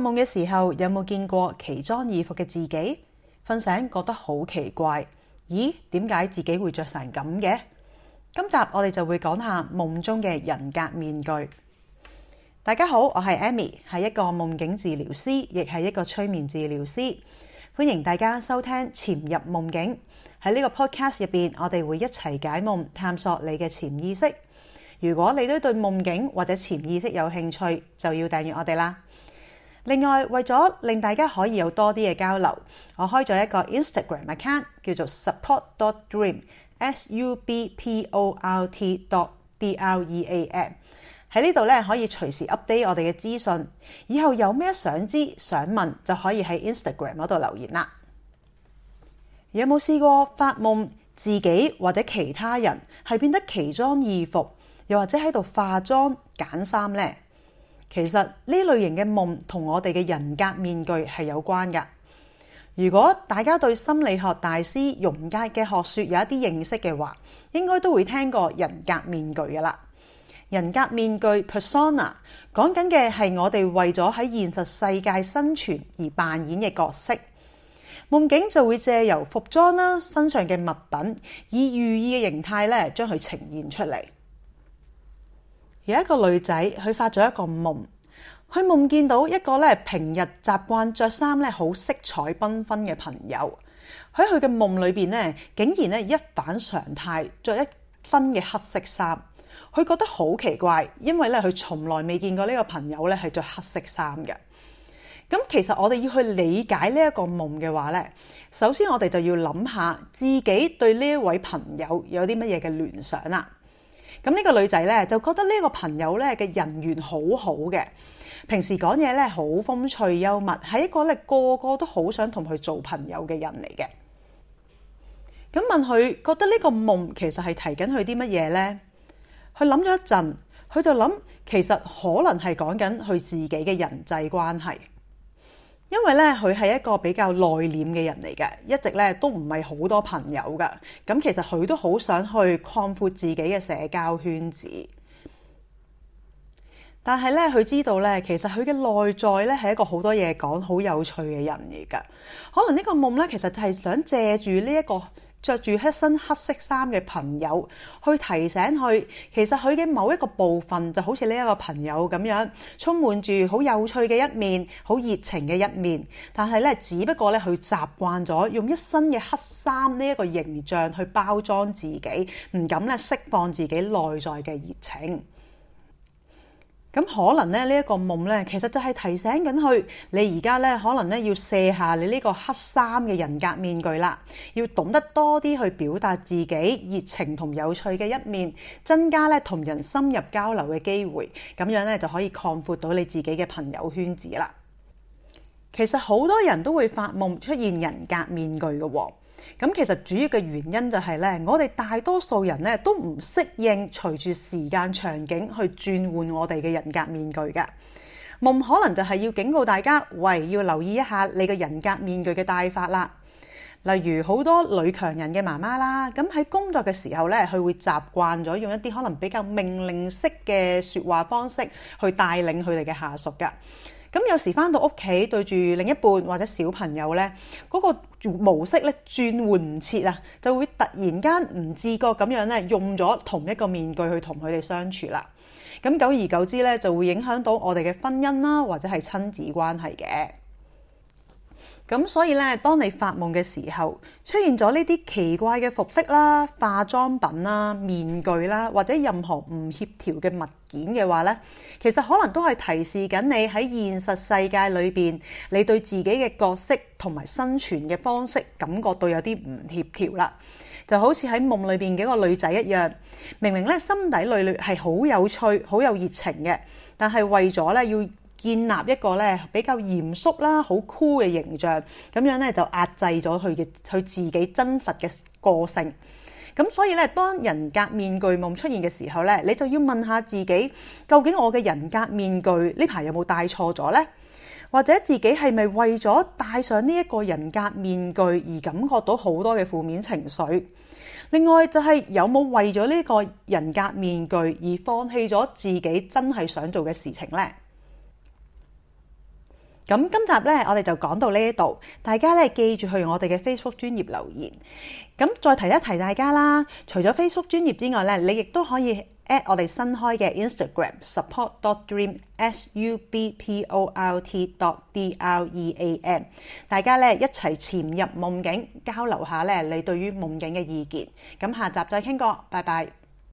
夢嘅時候有冇見過奇裝異服嘅自己？瞓醒覺得好奇怪，咦？點解自己會着成咁嘅？今集我哋就會講下夢中嘅人格面具。大家好，我係 Amy，係一個夢境治療師，亦係一個催眠治療師。歡迎大家收聽《潛入夢境》。喺呢個 podcast 入邊，我哋會一齊解夢，探索你嘅潛意識。如果你都對夢境或者潛意識有興趣，就要訂閱我哋啦。另外，為咗令大家可以有多啲嘅交流，我開咗一個 Instagram account，叫做 subport.dream S U B P O R T D R E A M。喺呢度咧可以隨時 update 我哋嘅資訊。以後有咩想知想問，就可以喺 Instagram 嗰度留言啦。嗯嗯、有冇試過發夢自己或者其他人係變得奇裝異服，又或者喺度化妝揀衫呢？其實呢類型嘅夢同我哋嘅人格面具係有關㗎。如果大家對心理學大師榮格嘅學説有一啲認識嘅話，應該都會聽過人格面具㗎啦。人格面具 （Persona） 講緊嘅係我哋為咗喺現實世界生存而扮演嘅角色。夢境就會借由服裝啦、身上嘅物品，以寓意嘅形態咧，將佢呈現出嚟。有一個女仔，佢發咗一個夢，佢夢見到一個咧，平日習慣着衫咧好色彩繽紛嘅朋友，喺佢嘅夢裏邊咧，竟然咧一反常態着一身嘅黑色衫，佢覺得好奇怪，因為咧佢從來未見過呢個朋友咧係着黑色衫嘅。咁其實我哋要去理解呢一個夢嘅話咧，首先我哋就要諗下自己對呢一位朋友有啲乜嘢嘅聯想啦。咁呢個女仔呢，就覺得呢個朋友呢嘅人緣好好嘅，平時講嘢呢，好風趣幽默，係一個呢個個都好想同佢做朋友嘅人嚟嘅。咁、嗯、問佢覺得呢個夢其實係提緊佢啲乜嘢呢？佢諗咗一陣，佢就諗其實可能係講緊佢自己嘅人際關係。因為咧，佢係一個比較內斂嘅人嚟㗎，一直咧都唔係好多朋友㗎。咁其實佢都好想去擴闊自己嘅社交圈子，但係咧，佢知道咧，其實佢嘅內在咧係一個好多嘢講、好有趣嘅人嚟㗎。可能呢個夢咧，其實就係想借住呢一個。着住一身黑色衫嘅朋友，去提醒佢，其實佢嘅某一個部分，就好似呢一個朋友咁樣，充滿住好有趣嘅一面，好熱情嘅一面。但係咧，只不過咧，佢習慣咗用一身嘅黑衫呢一個形象去包裝自己，唔敢咧釋放自己內在嘅熱情。咁可能咧呢一個夢呢，其實就係提醒緊佢，你而家呢，可能呢要卸下你呢個黑衫嘅人格面具啦，要懂得多啲去表達自己熱情同有趣嘅一面，增加咧同人深入交流嘅機會，咁樣呢，就可以擴闊到你自己嘅朋友圈子啦。其實好多人都會發夢出現人格面具㗎喎。咁其實主要嘅原因就係咧，我哋大多數人咧都唔適應隨住時間場景去轉換我哋嘅人格面具嘅。夢可能就係要警告大家，喂，要留意一下你嘅人格面具嘅戴法啦。例如好多女強人嘅媽媽啦，咁喺工作嘅時候咧，佢會習慣咗用一啲可能比較命令式嘅説話方式去帶領佢哋嘅下屬嘅。咁有時翻到屋企對住另一半或者小朋友咧，嗰、嗰個模式咧轉換唔切啊，就會突然間唔自覺咁樣咧，用咗同一個面具去同佢哋相處啦。咁久而久之咧，就會影響到我哋嘅婚姻啦，或者係親子關係嘅。咁所以咧，當你發夢嘅時候，出現咗呢啲奇怪嘅服飾啦、化妝品啦、面具啦，或者任何唔協調嘅物件嘅話咧，其實可能都係提示緊你喺現實世界裏邊，你對自己嘅角色同埋生存嘅方式感覺到有啲唔協調啦。就好似喺夢裏邊嘅一個女仔一樣，明明咧心底裏裏係好有趣、好有熱情嘅，但係為咗咧要建立一個咧比較嚴肅啦，好酷嘅形象，咁樣咧就壓制咗佢嘅佢自己真實嘅個性。咁所以咧，當人格面具夢出現嘅時候咧，你就要問下自己，究竟我嘅人格面具呢排有冇戴錯咗呢？或者自己係咪為咗戴上呢一個人格面具而感覺到好多嘅負面情緒？另外就係有冇為咗呢個人格面具而放棄咗自己真係想做嘅事情呢？咁今集咧，我哋就講到呢一度，大家咧記住去我哋嘅 Facebook 專頁留言。咁再提一提大家啦，除咗 Facebook 專頁之外咧，你亦都可以 at 我哋新開嘅 Instagram subport dot dream, s u b p o r t dot d r e a m。大家咧一齊潛入夢境，交流下咧你對於夢境嘅意見。咁下集再傾過，拜拜。